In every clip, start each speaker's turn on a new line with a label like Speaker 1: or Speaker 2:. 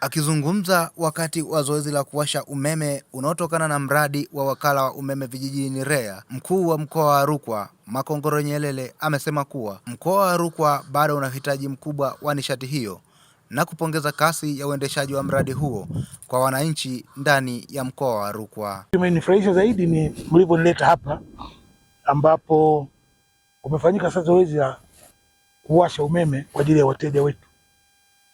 Speaker 1: Akizungumza wakati wa zoezi la kuwasha umeme unaotokana na mradi wa wakala wa umeme vijijini REA, mkuu wa mkoa wa Rukwa Makongoro nyelele amesema kuwa mkoa wa Rukwa bado una uhitaji mkubwa wa nishati hiyo na kupongeza kasi ya uendeshaji wa mradi huo kwa wananchi ndani ya mkoa wa Rukwa.
Speaker 2: Imenifurahisha zaidi ni mlivyonileta hapa ambapo umefanyika sasa zoezi la kuwasha umeme kwa ajili ya wateja wetu.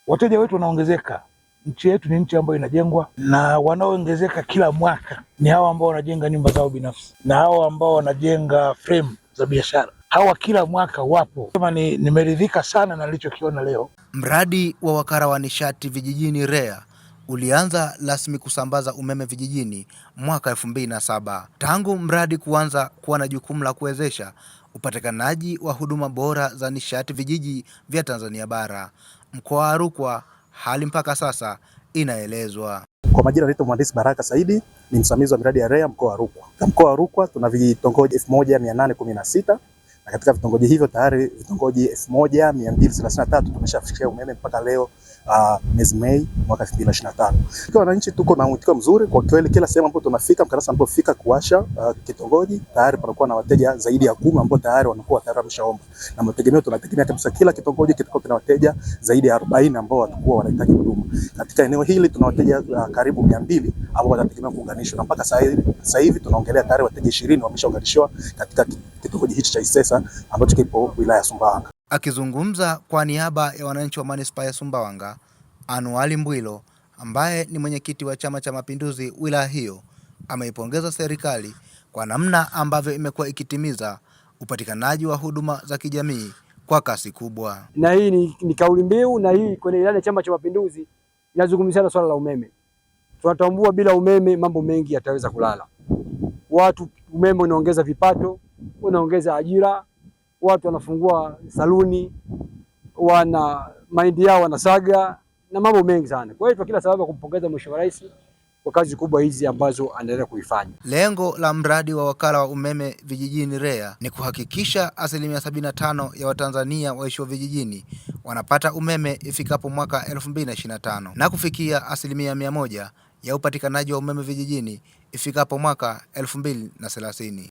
Speaker 2: Wateja wetu wanaongezeka nchi yetu ni nchi ambayo inajengwa na wanaoongezeka kila mwaka ni hawa ambao wanajenga nyumba zao binafsi na hawa ambao wanajenga fremu za biashara hawa kila mwaka wapo. Sema ni nimeridhika sana na nilichokiona leo.
Speaker 1: Mradi wa wakala wa nishati vijijini REA ulianza rasmi kusambaza umeme vijijini mwaka elfu mbili na saba. Tangu mradi kuanza kuwa na jukumu la kuwezesha upatikanaji wa huduma bora za nishati vijiji vya Tanzania bara, mkoa wa Rukwa hali mpaka sasa inaelezwa.
Speaker 3: Kwa majina naitwa Mhandisi Baraka Saidi, ni msimamizi wa miradi ya REA mkoa wa Rukwa. Mkoa wa Rukwa tuna vitongoji 1816 na katika vitongoji hivyo tayari vitongoji 1233 tumeshafikia umeme mpaka leo uh, mwezi Mei mwaka 2025. Kwa wananchi tuko na mwitikio mzuri kwa kweli, kila sehemu ambapo tunafika, mkandarasi anapofika kuwasha uh, kitongoji tayari panakuwa na wateja zaidi ya kumi ambao tayari wanakuwa tayari wameshaomba, na mategemeo tunategemea kabisa kila kitongoji kitakuwa kina wateja zaidi ya 40 ambao watakuwa wanahitaji huduma. Katika eneo hili tuna wateja uh, karibu 200 ambao watategemea kuunganishwa, na mpaka sasa hivi tunaongelea tayari wateja 20 wameshaunganishwa katika kitongoji hichi cha Isesa kabisa ambacho kipo wilaya ya Sumbawanga.
Speaker 1: Akizungumza kwa niaba ya wananchi wa manispaa ya Sumbawanga, Anuali Mbwilo ambaye ni mwenyekiti wa Chama cha Mapinduzi wilaya hiyo ameipongeza serikali kwa namna ambavyo imekuwa ikitimiza upatikanaji wa huduma za kijamii kwa kasi kubwa.
Speaker 4: Na hii ni, ni kauli mbiu na hii kwenye ilani ya Chama cha Mapinduzi inazungumziana swala la umeme. Tunatambua bila umeme mambo mengi yataweza kulala. Watu, umeme unaongeza vipato, unaongeza ajira, watu wanafungua saluni, wana mahindi yao wanasaga na mambo mengi sana. Kwa hiyo tuna kila sababu ya kumpongeza Mheshimiwa Rais kwa kazi kubwa hizi ambazo anaendelea kuifanya.
Speaker 1: Lengo la mradi wa wakala wa umeme vijijini REA ni kuhakikisha asilimia 75 ya Watanzania waishio vijijini wanapata umeme ifikapo mwaka 2025 na kufikia asilimia mia moja ya upatikanaji wa umeme vijijini ifikapo mwaka 2030.